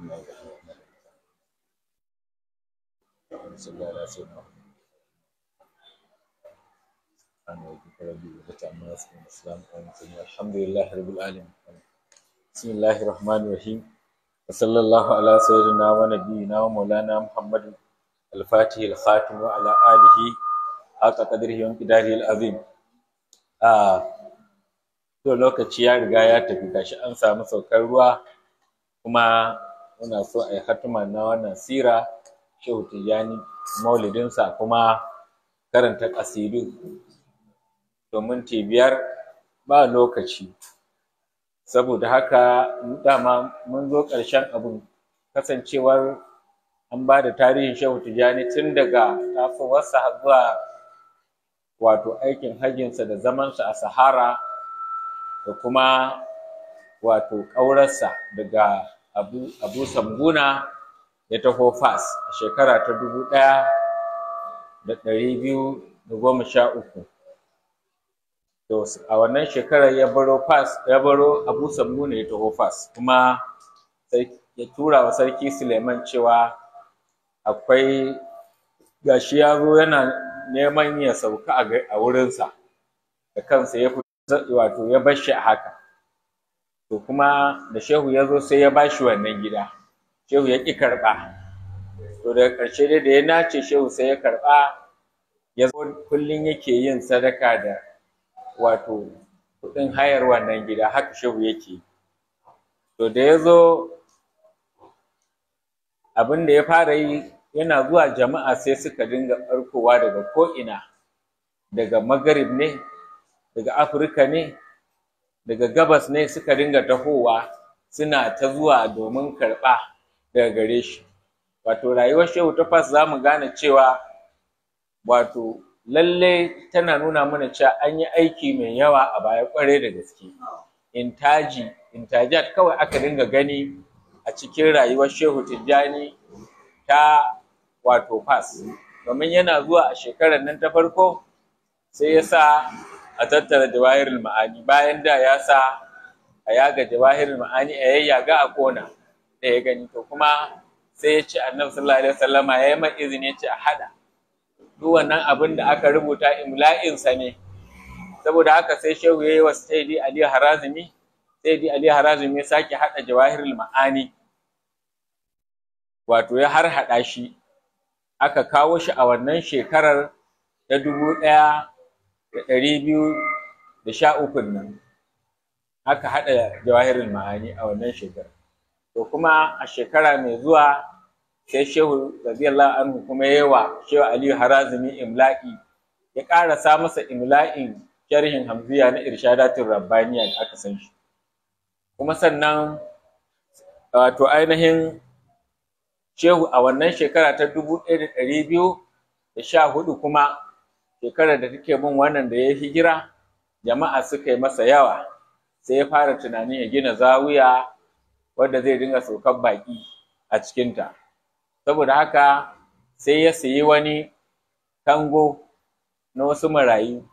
Bismillahirrahmanirrahim. Sallallahu ala sayyidina wa nabiyina wa maulana Muhammadin al-Fatih al-Khatim wa ala alihi aka qadrihi wa qidari al-azim. Ah to lokaci ya riga ya tafi gashi an samu saukar ruwa kuma muna so a yi hatima na wannan sira shehu tijjani maulidinsa kuma karanta ƙasidu domin biyar ba lokaci saboda haka dama mun zo ƙarshen abin kasancewar an ba da tarihin shehu tijjani tun daga tafi wasu zuwa wato aikin hajjinsa da zamansa a sahara da kuma wato ƙaurarsa daga abu abu sambuna ya taho fas a shekara ta dubu ɗaya da ɗari biyu da goma sha uku to a wannan shekarar ya baro fas ya baro abu sambuna ya taho fas kuma ya tura wa sarki suleiman cewa akwai gashi ya zo yana neman ya sauka a wurinsa da kansa ya wato ya bar shi a haka to kuma da shehu ya zo sai ya ba shi wannan gida shehu ya ƙi karɓa to daga ƙarshe dai da ya nace shehu sai ya karɓa ya zo kullum yake yin sadaka da wato kuɗin hayar wannan gida haka shehu yake to da ya zo abin da ya fara yi yana zuwa jama'a sai suka dinga ɓarkowa daga ko'ina daga magarib ne daga afirka ne daga gabas ne suka ringa tahowa suna ta zuwa domin karɓa daga gare shi wato rayuwar shehu tafas za mu gane cewa wato lalle tana nuna mana cewa an yi aiki mai yawa a baya kwarai da gaske intaji intajat kawai aka dinga gani a cikin rayuwar shehu tijjani ta wato fas domin yana zuwa a shekarar nan ta farko sai ya sa a tattara jawahirul ma'ani bayan da ya sa a yaga jawahirul ma'ani a yayyaga a kona da ya gani to kuma sai ya ce annabi sallallahu alaihi wasallama ya yi mai izini ya ce a hada duk wannan abin da aka rubuta imla'in sa ne saboda haka sai shehu yayi wa sayyidi ali harazimi sayyidi ali harazimi ya sake hada jawahirul ma'ani wato ya har hada shi aka kawo shi a wannan shekarar ta dubu ɗaya da ɗari biyu da sha ukun nan aka haɗa jawahirin ma'ani a wannan shekara to kuma a shekara mai zuwa sai shehu radiyallahu anhu kuma wa shehu aliyu harazumi imla'i ya ƙarasa masa imla'in sharhin hamziya na irshadatin rabbaniya da aka san shi kuma sannan wato ainihin shehu a wannan shekara ta dubu ɗaya da ɗari biyu da sha hudu kuma shekarar da take bin wannan da ya hijira jama'a suka yi masa yawa sai ya fara tunanin ya gina zawiya wadda zai dinga saukar baƙi a cikinta saboda haka sai ya sayi wani kango na wasu marayu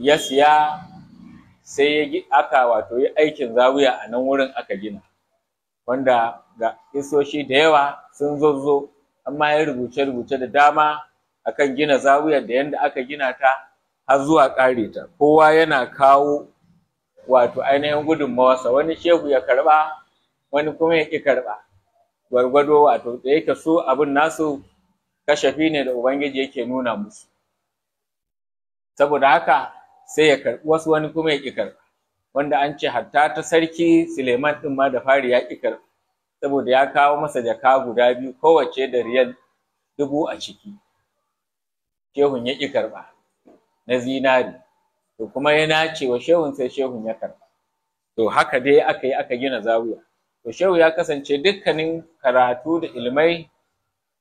ya siya sai ya aka wato yi aikin zawiya a nan wurin aka gina wanda ga isoshi da yawa sun zazzo amma ya rubuce-rubuce da dama akan gina zawiyar da yanda aka gina ta har zuwa ƙare ta kowa yana kawo wato ainihin gudunmawarsa wani shehu ya karɓa wani kuma ya ƙi karɓa gwargwado wato da yake so abin nasu kashafi ne da ubangiji yake nuna musu saboda haka sai ya karbi wasu wani kuma ya ƙi karɓa wanda an ce hatta ta sarki suleiman din ma da fari ya ƙi karɓa saboda ya kawo masa jaka guda biyu kowace da riyal dubu a ciki shehun ya ƙi karɓa na zinari to kuma ya nace wa shehun sai shehun ya karɓa to haka dai aka yi aka gina zawiya to shehu ya kasance dukkanin karatu da ilmai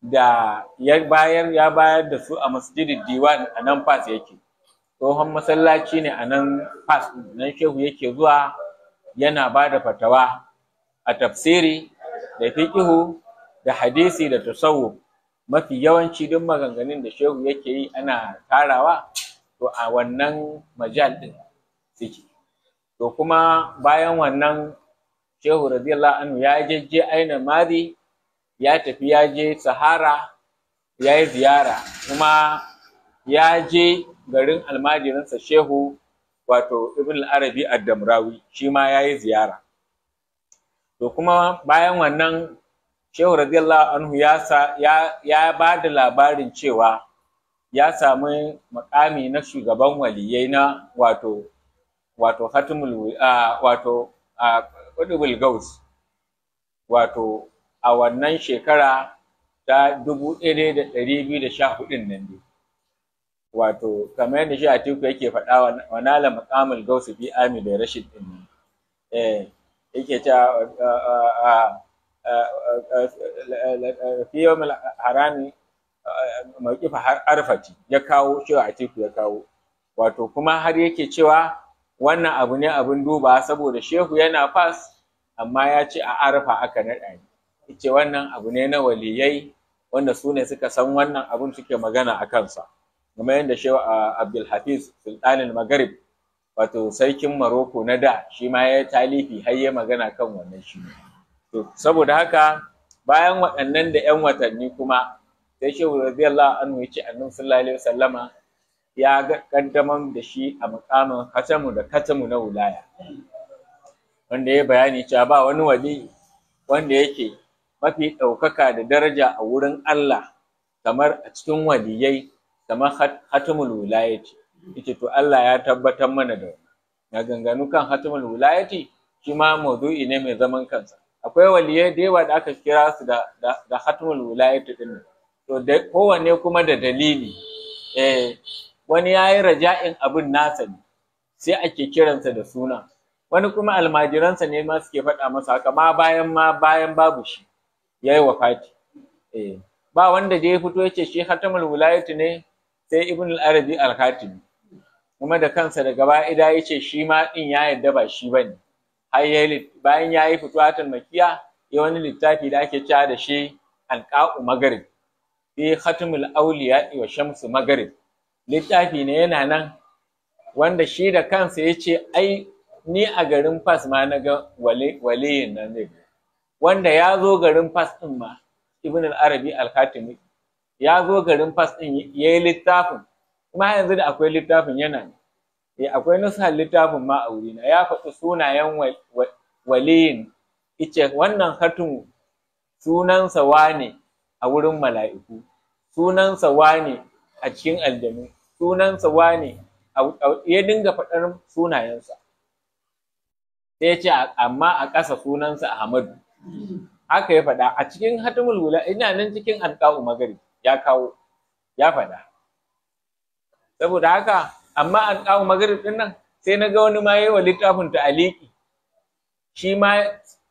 da ya bayar ya bayar da su a masjidin diwan a nan fas yake tsohon masallaci ne a nan fas nan shehu yake zuwa yana ba da fatawa a tafsiri da fiƙihu da hadisi da tasawuf mafi yawanci duk maganganun da shehu yake yi ana karawa, to a wannan majal ɗin suke to kuma bayan wannan shehu radiyallahu anhu ya jejje aina mari ya tafi ya je sahara ya yi ziyara kuma ya je garin almajirinsa shehu wato ibn arabi ad-damrawi shi ma ya yi ziyara to kuma bayan wannan shehu radiyallahu anhu ya sa ya ya ba da labarin cewa ya samu makami na shugaban waliyai na wato wato hatimul wato qudbul gaus wato a wannan shekara ta 1214 nan dai wato kamar yadda shi a Atiku yake faɗa wa nala maqamul gaus fi amil rashid din eh yake ta fi yau harami har arfati ya kawo cewa atiku ya kawo wato kuma har yake cewa wannan abu ne abin duba saboda shehu yana fas amma ya ce a arfa aka naɗa ne ce wannan abu ne na waliyai wanda su ne suka san wannan abun suke magana a kansa kuma yadda shehu abdulhafiz sultanin magarib wato sarkin maroko na da shi ma ya talifi har ya magana kan wannan shi ne to saboda haka bayan waɗannan da 'yan watanni kuma sai shehu radiyallahu anhu ya ce annabi sallallahu alaihi wasallama ya kaddamar da shi a mukamin katamu da katamu na wulaya. wanda ya bayani cewa ba wani wali wanda yake mafi ɗaukaka da daraja a wurin Allah kamar a cikin waliyai kamar hatimul wulayati yace to Allah ya tabbatar mana da wannan na ganganu kan hatimul wulayati shi ma maudu'i ne mai zaman kansa akwai waliyai da yawa da aka kira su da da hatmul wilayatu din to da kowanne kuma da dalili eh wani yayi raja'in abin nasa ne sai ake kiransa da suna wani kuma almajiransa ne ma suke faɗa masa haka ma bayan ma bayan babu shi yayi wafati eh ba wanda da ya fito yace shi hatmul wilayatu ne sai ibn al-arabi al-khatib kuma da kansa daga ba'ida yace shi ma din ya yadda ba shi bane har ya bayan ya yi fituwatul makiya ya wani littafi da ake cewa da shi alqa'u magarib fi khatmul awliya wa shamsu magarib littafi ne yana nan wanda shi da kansa ya ce ai ni a garin fas ma na ga waliyin nan zai wanda ya zo garin fas ɗin ma ibn al-arabi al-khatimi ya zo garin fas ɗin ya yi littafin kuma yanzu da akwai littafin yana E, akwai nusar littafin ma a wurina ya faɗi sunayen waliyin ice wannan hatumu sunansa wane a wurin mala'iku sunansa wane a cikin aljanu sunansa wane ya dinga faɗar sunayensa sai ce amma a ƙasa sunansa Ahmadu haka ya faɗa a cikin hatimul wula ina nan cikin alƙa'u magari ya kawo ya faɗa saboda haka amma an kawo magrib din nan sai na ga wani ma wa littafin ta aliki shi ma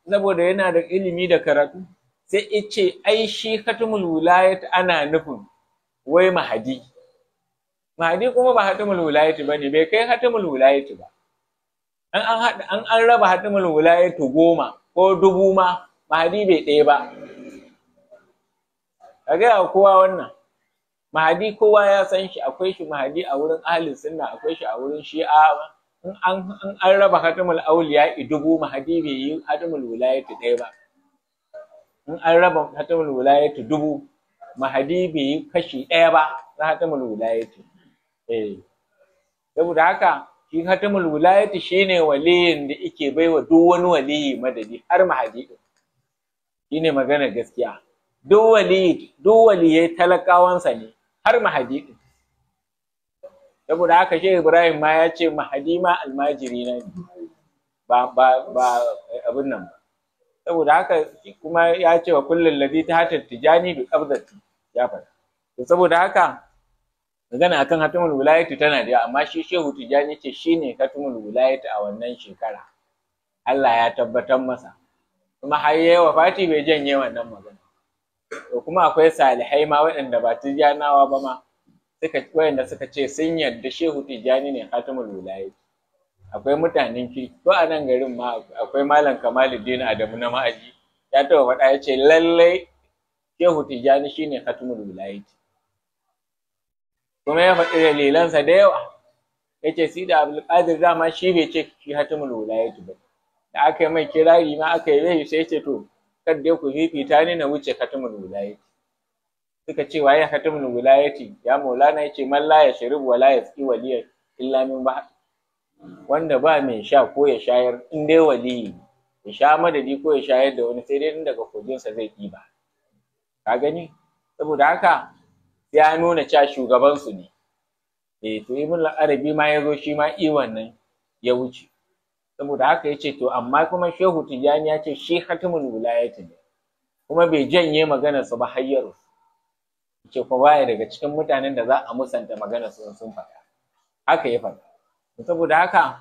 saboda yana da ilimi da karatu sai ice ai shi khatmul wilayat ana nufin wai mahadi mahadi kuma ba hatimul wilayat bane bai kai hatimul wilayat ba an an hada an an raba hatimul wilayat goma ko dubu ma mahadi bai ɗaya ba kaga ya kowa wannan mahadi kowa ya san shi akwai shi mahadi a wurin ahlin sunna akwai shi a wurin shi'a in an in an raba hatimul auliya dubu mahadi bai yi hatimul wilayati dai ba in an raba hatimul wilayati dubu mahadi bai yi kashi ɗaya ba na hatimul wilayati eh saboda haka shi hatimul wilayati shine waliyin da yake baiwa duk wani waliyi madadi har mahadi din shine magana gaskiya duk waliyi duk waliyai talakawansa ne har mahadi ɗin. saboda haka shi ibrahim ma ya ce mahadi ma almajiri na ne ba ba ba abin nan ba saboda haka kuma ya ce wa kullum ladhi ta hatar tijani bi qabdati ya faɗa saboda haka magana akan hatimul wilayati tana da amma shi shehu tijani ce shine hatimul wilayati a wannan shekara Allah ya tabbatar masa kuma har yayi wafati bai janye wannan magana to kuma akwai salihai ma waɗanda ba tijjanawa ba ma suka waɗanda suka ce sun yarda shehu tijani ne hatimul wilayi akwai mutanen kirki ko a nan garin ma akwai malam kamaluddin adamu na ma'aji ya taɓa faɗa ya ce lallai shehu tijani shine hatimul wilayi kuma ya faɗi dalilansa da yawa ya ce sida abdulkadir dama shi bai ce shi hatimul wilayi ba da aka yi mai kirari ma aka yi laifi sai ce to kadda ku fifita ni na wuce katamul wilayati suka ce waye katamul wilayati ya maulana yace man la yashrib wala ya tsi waliya illa min ba wanda ba mai sha ko ya shayar in dai waliyi ya sha madadi ko ya shayar da wani sai dai daga kujinsa zai ba. ka gani saboda haka ya nuna cewa shugabansu ne eh to ibn arabi ma ya shi ma i wannan ya wuce saboda haka ya ce to amma kuma shehu tijjani ya ce shi hatimun wilayati ne kuma bai janye magana su ba hayyaru ce ko baya daga cikin mutanen da za a musanta maganar su sun faɗa haka ya faɗa saboda haka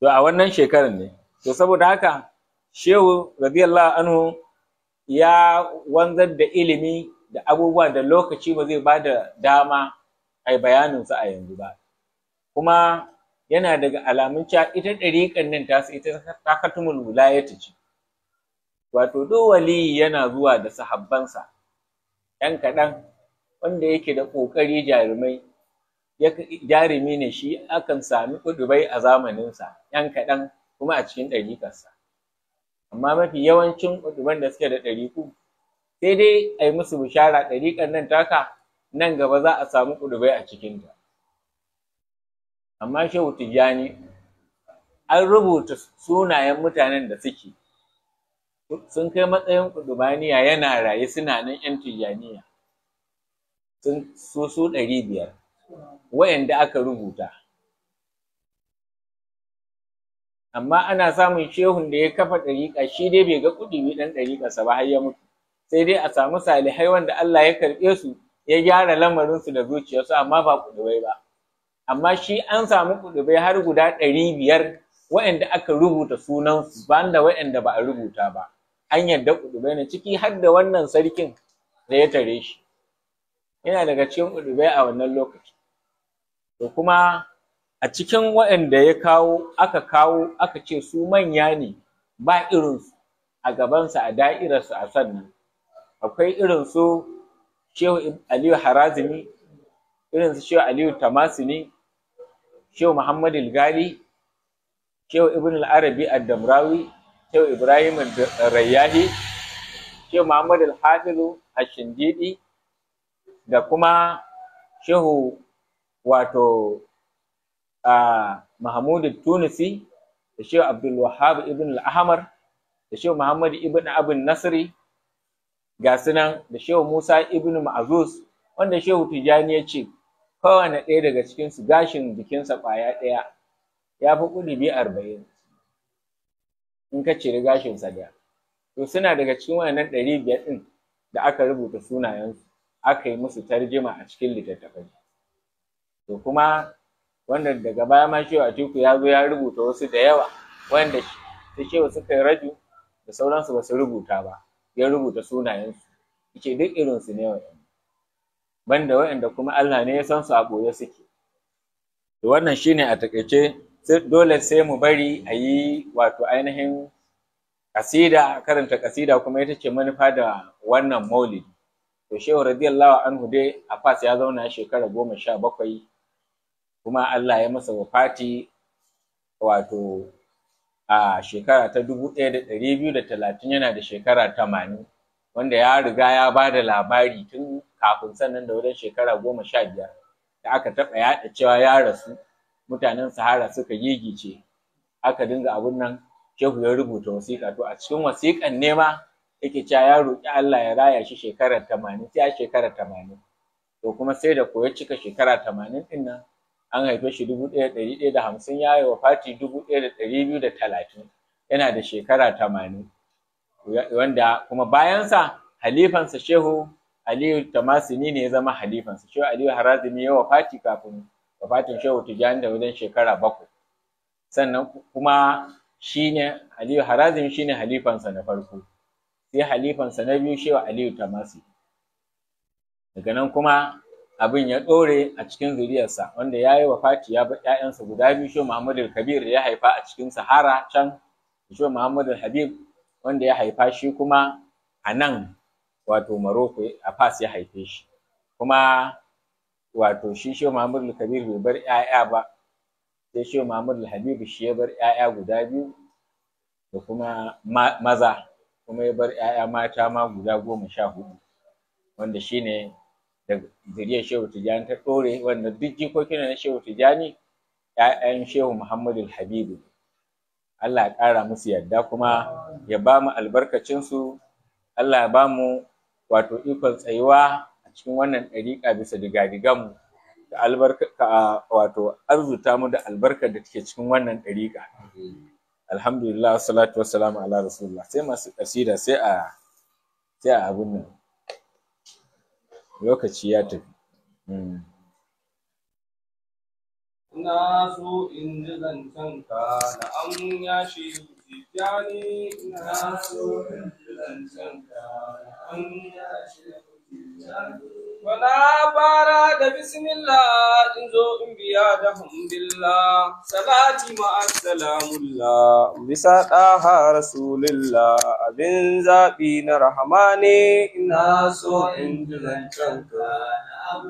to a wannan shekarar ne to saboda haka shehu radiyallahu anhu ya wanzar da ilimi da abubuwa da lokaci ba zai ba da dama a bayaninsa a yanzu ba kuma yana daga alamun cewa ita ɗariƙar nan ta ita ta katumul wilayata ce wato duk waliyi yana zuwa da sahabbansa ɗan kaɗan wanda yake da ƙoƙari jarumai jarumi ne shi akan sami ƙudubai a zamaninsa ‘yan kaɗan kuma a cikin ɗariƙarsa amma mafi yawancin ƙuduban da suke da ɗariƙu sai dai a musu bishara ɗariƙar nan taka nan gaba za a samu ƙudubai a cikinta amma shehu tijjani an rubuta sunayen mutanen da suke sun kai matsayin kudubaniya yana raye suna nan yan tijjaniya sun su su ɗari biyar wayanda aka rubuta amma ana samun shehun da ya kafa ɗariƙa shi dai bai ga kuɗi ɗan ɗariƙarsa ba har ya mutu sai dai a samu salihai wanda Allah ya karɓe su ya gyara lamarinsu da zuciyarsu amma ba kudubai ba amma shi an samu kudubai har guda ɗari biyar waɗanda aka rubuta sunansu banda waɗanda ba a rubuta ba an yadda kudubai na ciki har da wannan sarkin da ya tare shi yana daga cikin kudubai a wannan lokaci to kuma a cikin waɗanda ya kawo aka kawo aka ce su manya ne ba irinsu a gabansa a da'irarsu a sannan akwai irinsu shehu aliyu harazimi irin su shehu aliyu tamasini shehu muhammad gali shehu ibn al-arabi ad-damrawi shehu ibrahim rayyahi shehu muhammad al-hafizu ash da kuma shehu wato a mahmud tunisi da shehu abdul wahhab ibn al-ahmar da shehu muhammad ibn abin nasri ga sunan da shehu musa ibn ma'azuz wanda shehu tijani ya ce kowane ɗaya daga cikinsu gashin jikinsa ƙwaya ɗaya ya fi biyu arba'in in ka gashin gashinsa ɗaya to suna daga cikin wannan ɗari biyar ɗin da aka rubuta sunayensu aka yi musu tarjima a cikin littattafai to kuma wanda daga baya ma shehu atiku ya zo ya rubuta wasu da yawa wanda ta shehu suka yi raju da sauransu ba su rubuta ba ya rubuta sunayensu ce duk irinsu ne wa'yan banda wa'anda kuma Allah ne ya san su a boye suke to wannan shine a takaice dole sai mu bari a yi wato ainihin kasida karanta ƙasida, kuma ita ce manufa da wannan maulidi to shehu radiyallahu anhu dai fas ya zauna shekara goma sha bakwai kuma Allah ya masa wafati wato a shekara ta dubu ɗaya da ɗari biyu da talatin yana da shekara tamanin wanda ya riga ya ba da labari tun kafin sannan da wajen shekara goma sha biyar da aka taɓa yaɗa cewa ya rasu mutanen sahara suka gigice aka dinga abun nan shehu ya rubuta wasiƙa to a cikin wasiƙan nema yake cewa ya roƙi Allah ya raya shi shekarar tamanin ta shekarar tamanin to kuma sai da koya cika shekara tamanin ɗin nan an haife shi dubu ɗaya ɗari ɗaya da hamsin ya yi wafati dubu ɗaya da ɗari biyu da talatin yana da shekara tamanin wanda kuma bayansa halifansa shehu Aliyu ni ne ya zama halifansa Shehu Aliyu Harazimi ya wafati kafin wafatin Shehu Tijjani da wajen shekara bakwai sannan kuma ne Aliyu Harazimi shine halifansa na farko sai halifansa na biyu Shehu Aliyu Tamasi. daga nan kuma abin ya ɗore a cikin zuriyarsa wanda ya yi wafati ya bi ‘ya'yansa guda biyu Shehu Muhammadu Kabir ya haifa a cikin Sahara can Shehu Muhammadu Habib wanda ya haifa shi kuma a nan wato Morocco a Fas ya haife shi kuma wato shi Shehu Muhammadu Kabir bai bar ƴaƴa ba sai Shehu Muhammadu Habibu shi ya bar ƴaƴa guda biyu da kuma maza kuma ya bar ƴaƴa mata ma guda goma sha hudu. wanda shine da zuriyar Shehu Tijjani ta ɗore wanda duk jikokin na Shehu tijani 'ya'yan Shehu Muhammadu Habibu Allah ya ƙara musu yarda kuma ya ba mu albarkacinsu Allah ya ba mu wato ikon tsayuwa a cikin wannan ɗariƙa bisa digadiganmu da albarka wato arzuta mu da albarkar da take cikin wannan ɗariƙa alhamdulillah salatu wassalamu ala rasulullah sai masu kasida sai a sai a abun nan lokaci ya tafi hmm. na so in ji zancen ka da an yashi tijjani na so in Wala fara da bismillah in zo in biya da hamdillah salati ma'assalamullah bisa ɗaha rasulillah abin zaɓi na rahama ne ina so in ji zancen ka na abu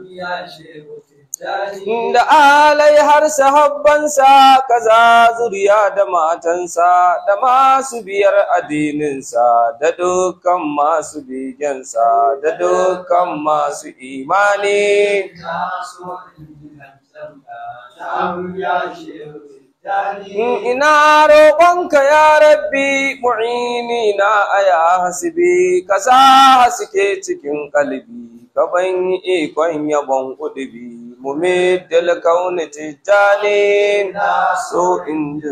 shehu da alai har sahabbansa kaza zuriya da matansa da masu biyar addininsa, da dukkan masu bigensa da dukkan masu imani ina roƙonka ya rabbi mu'ini na aya hasibi ka sa haske cikin kalbi ka ban ikon yabon ƙudubi Mumit dal kauna tijjani na so in ji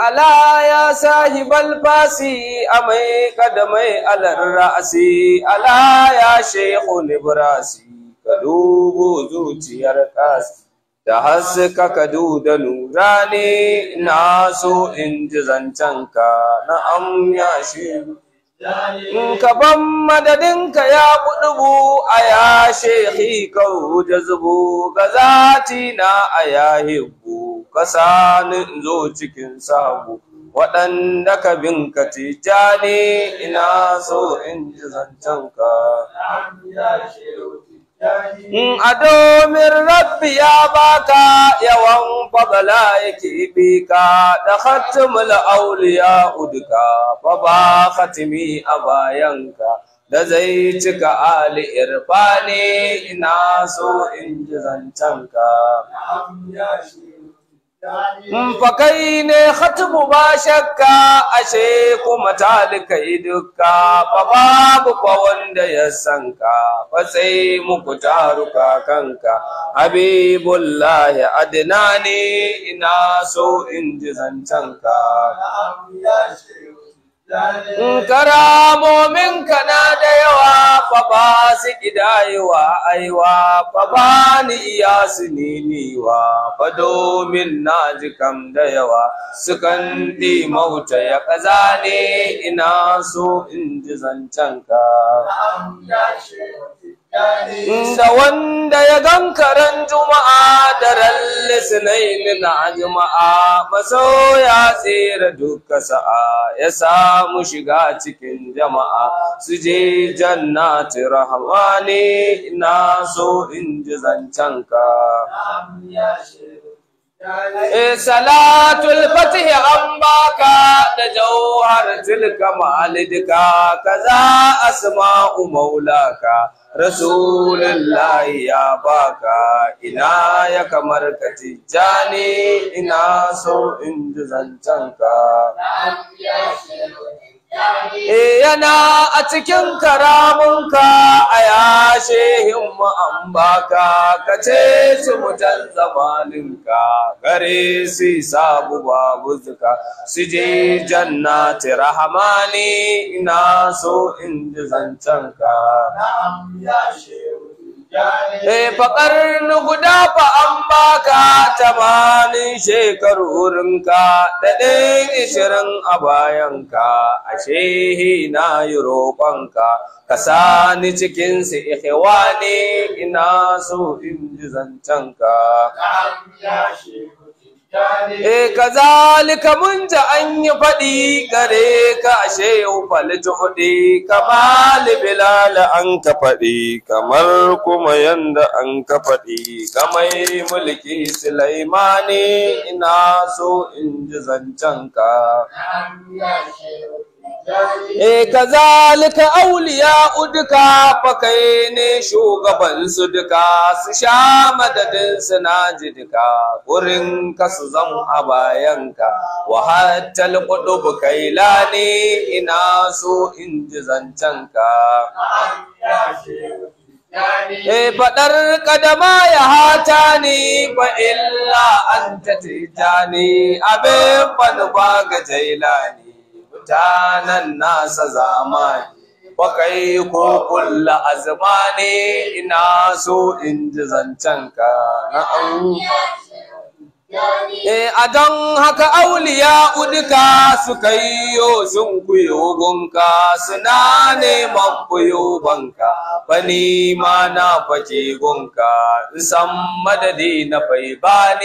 Al'a ya sahi bal basi, amai kada mai al'adu a ase. Al'a ya shaiku na burashi, Kadubu zuciyar ɗasi da haska Kadubu da nu. Rani na zancen ka na am ya shebu. kaban madadinka ya kudubu a ya shekhi kawo jazubu ga zati na a ya hibbu ka sani zo cikin sabu waɗanda ka bin ka ne ina so in ji zancenka ado min rabbi ya baka yawan fadala yake ka da khatimul awliya udka fa ba khatimi a bayanka da zai cika ali irfani ina so in ji zancanka Mfakai ne khatibu ba shakka ashe kuma talika yi dukka Ba babu fa wanda ya sanka fa sai muku taruka kanka habibullahi ne ina so in ji zancanka in karamomin ka na da yawa fa ba su yawa aiwa fa ba ni iya su niniwa fa domin na ji kam da yawa sukan ɗi mauta ya kaza ne ina so in ji zancen ka da wanda ya gan ran juma'a ralle sunaini na juma'a maso ya tsira duka sa'a ya samu shiga cikin jama'a su je jannati rahmani na so in ji zancen ka e, salatul fatih an baka da jauhar tilka ma'alidika kaza asma'u ka. rasulullahi ya baka ina ya kamar ka tijjani ina so in zancen ka Eh yana a cikin karamunka a yashe himmu an baka ka ce su mutan zamaninka gare su sabu babu zuka su je jannati rahamani ina so in ji zancenka. Na'am Eh faƙar guda fa an baka tamanin shekarurinka da ɗin ishirin a bayanka ashe hina yi roƙonka ka sani cikinsu ihwani ina so in ji zancenka. Eh, kazalika mun ji an faɗi gare ka ashe yau fali faɗi kama bilal an ka faɗi kamar kuma yanda an ka faɗi kamai mulki sulaimani ina so in ji zancen E kazalika auliya uduka fakai ne shugaban su duka su sha madadin sinaji duka wurin ka su zan abayanka wa hattal kudu bukaila ne ina so in ji zancenka. E faɗar kadama ya hata ni ba illa an ta tita ni abin fanuwa jaila ne. Mutanen nasa zamani bakai ko kulla ne ina so in ji zancen ka E a don haka auliya uduka su Kai yo sun kuyo gunka suna neman kuyo banka bani ma na fake gunka san madadi na fai ba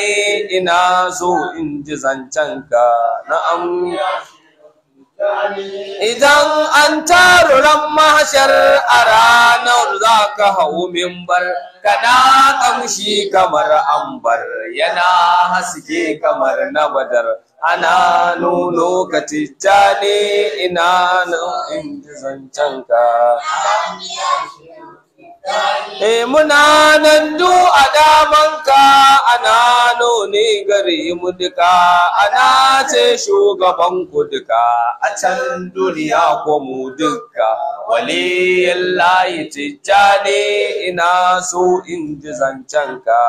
ina so in ji zancen ka na idan an taru ran mahashar a ranar za ka hau mimbar na kamshi kamar ambar yana haske kamar na badar ana nuno ka ina nan in zancen ka e muna du a damanka ana nuni gari mu duka ana ce shugaban ku duka a can duniya ko mu duka waliyin layi tijjani ina so in ji zancen ka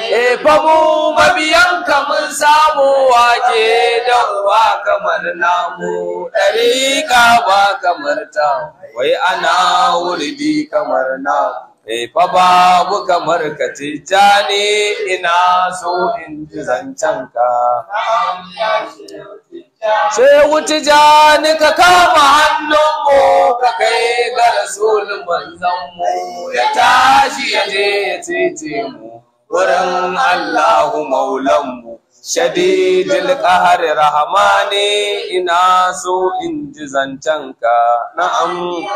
E fa mabiyan ka mun samu wake da wa kamar namu ka ba kamar ta wai ana wurdi kamar na e fa babu kamar ka tijjani ina so in ji zancen ka. Sai wuci jani ka kama hannunmu ka kai ga rasulun manzanmu ya tashi ya je ya cece mu. wurin Allahu maulanmu shadidil ƙahari ne, ina so in ji zancenka na'am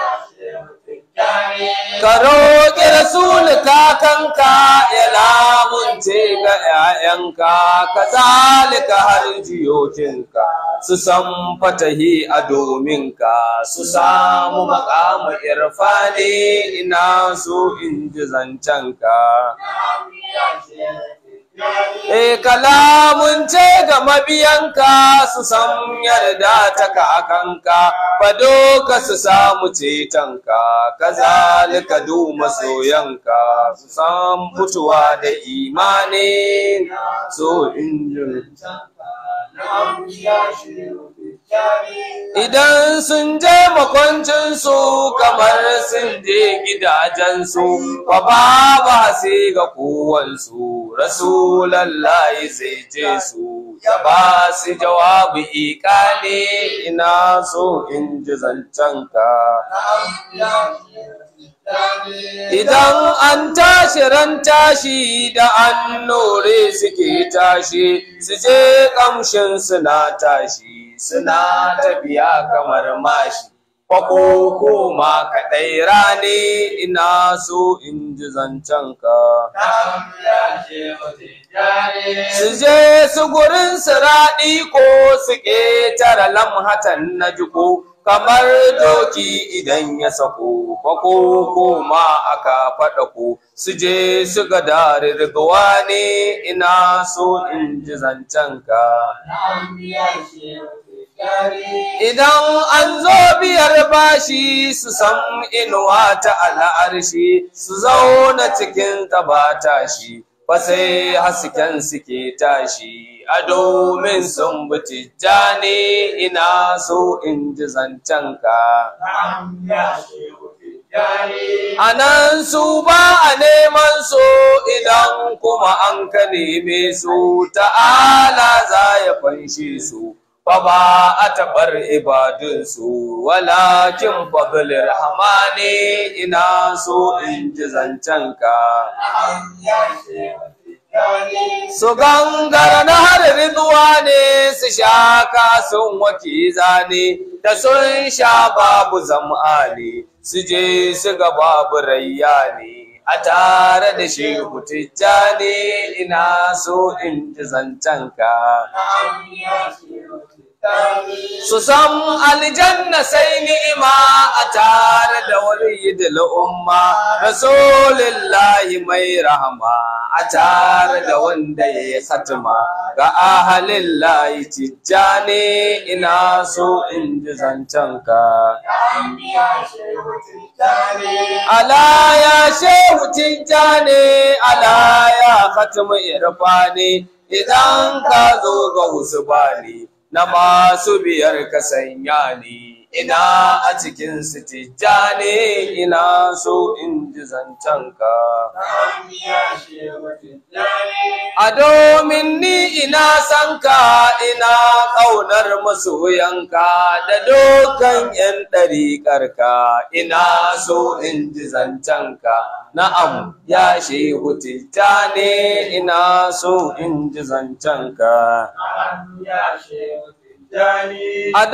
ka roƙi rasul kakanka ya lamunce ga 'ya'yanka ka zalika har jiyotinka su san fatahi a dominka su samu makamu irfani ina su in ji zancenka E kalamun ce ga mabiyanka su san yarda ta ka akanka, fado ka su samu cetonka, ka zalika du soyanka, su san fitowa da imani so in Idan sun je makwancinsu kamar sun je gidajensu, ba ba ba sai ga kowansu, Rasulallahi zai je su, ya ba su jawabi ikali ina so in ji zancenka. idan an tashi ran tashi da an nore suke tashi su je kamshin suna tashi suna tafiya kamar mashi Kwako koma kaɗai rane ina so in ji zancenka. Su je su gurin su raɗi ko su ƙetare lamhatan na jiko. kamar doki idan ya sako fako koma aka faɗa ko su je su ga dari ne ina so in ji zancen ka idan an zo biyar bashi su san inuwa ta al'arshi su zauna cikin tabata shi fa sai hasken suke tashi ado min sun butijja ne ina so in ji zancen ka. A nan su ba a neman so idan kuma an ka neme su ta'ala za ya fanshe su. ba a taɓar ibadunsu walakin fadlir hamani ina so in ji zancen ka. su gangara na har duwa ne su shaka sun wake zane da sun sha babu zam'a ne su je su ga babu rayya ne a tare da shi shehu ne ina so in ji zancen ka su san aljanna sai ni'ima a tare da wali da la'umma rasulillahi mai rahama a tare da wanda ya yi ga ahalin layi tijjani ina so in ji zancenka ala ya shehu tijjani ala ya hatima irfani idan ka zo ga wasu bani na masu biyar ka sanya ni ina a cikin su tijjani ina so in ji zancenka a domin ni ina sanka ina ƙaunar masoyanka da dokan yan ɗariƙarka ina so in ji zancenka na'am ya shehu ne ina so in ji zancenka ya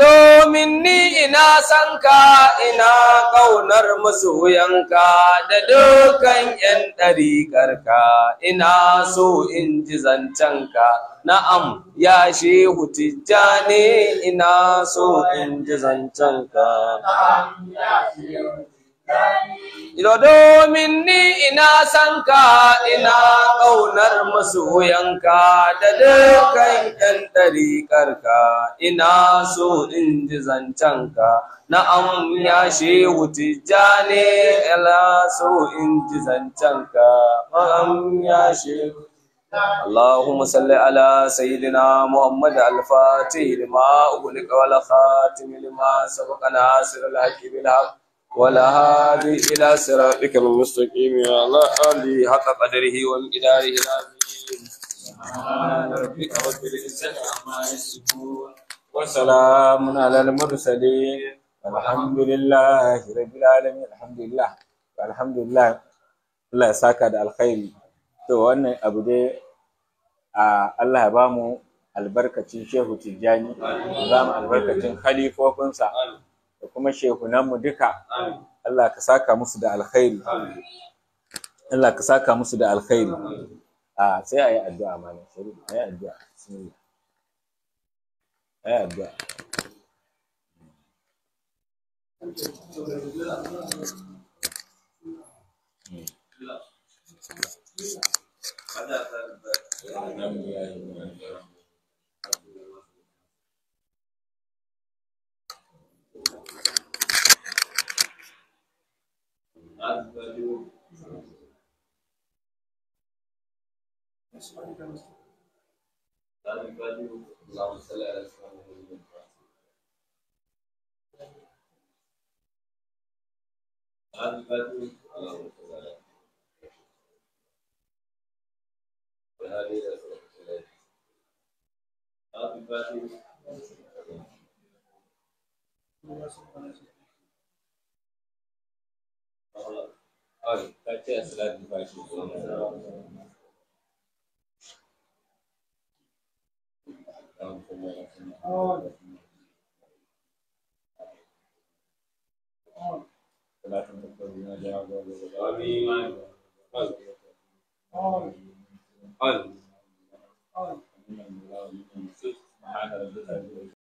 domin ni ina san ka ina ƙaunar masoyanka da dukan ‘yan ɗariƙarka ina so in ji ka na'am ya shehu tijjani ina so in ji zancenka. Na'am Ido domin ni ina san ka ina ƙaunar masoyanka da dukkan ƴan ɗariƙarka ina so in ji zancenka na'am ya shehu ne, ila so in ji zancenka na'am ya shehu اللهم صل على سيدنا محمد الفاتح لما أغلق والخاتم لما سبق ناصر الحق والهادي إلى صراطك المستقيم يا الله علي حق قدره ومقداره العظيم سبحان ربك رب العزة عما يصفون وسلام على المرسلين الحمد لله رب العالمين الحمد لله الحمد لله Allah ya saka da alkhairi to wannan abu dai a Allah ya bamu albarkacin Shehu Tijjani, za mu albarkacin khalifofinsa da kuma shehunanmu duka Allah ka saka musu da alkhairi Allah ka saka musu da alkhairi ah, a sai ayi addu'a malam sai ayi addu'a bismillah ayi addu'a Thank hmm. you. आज का जो आज का जो नाम सलाह आज का जो अल्लाह सलाह बहाली रसूल सलाह आज का जो Olha, tá aqui a cidade de baixo do plano. Olha. Olha. Olha. Olha. Olha. Olha. Olha. Olha.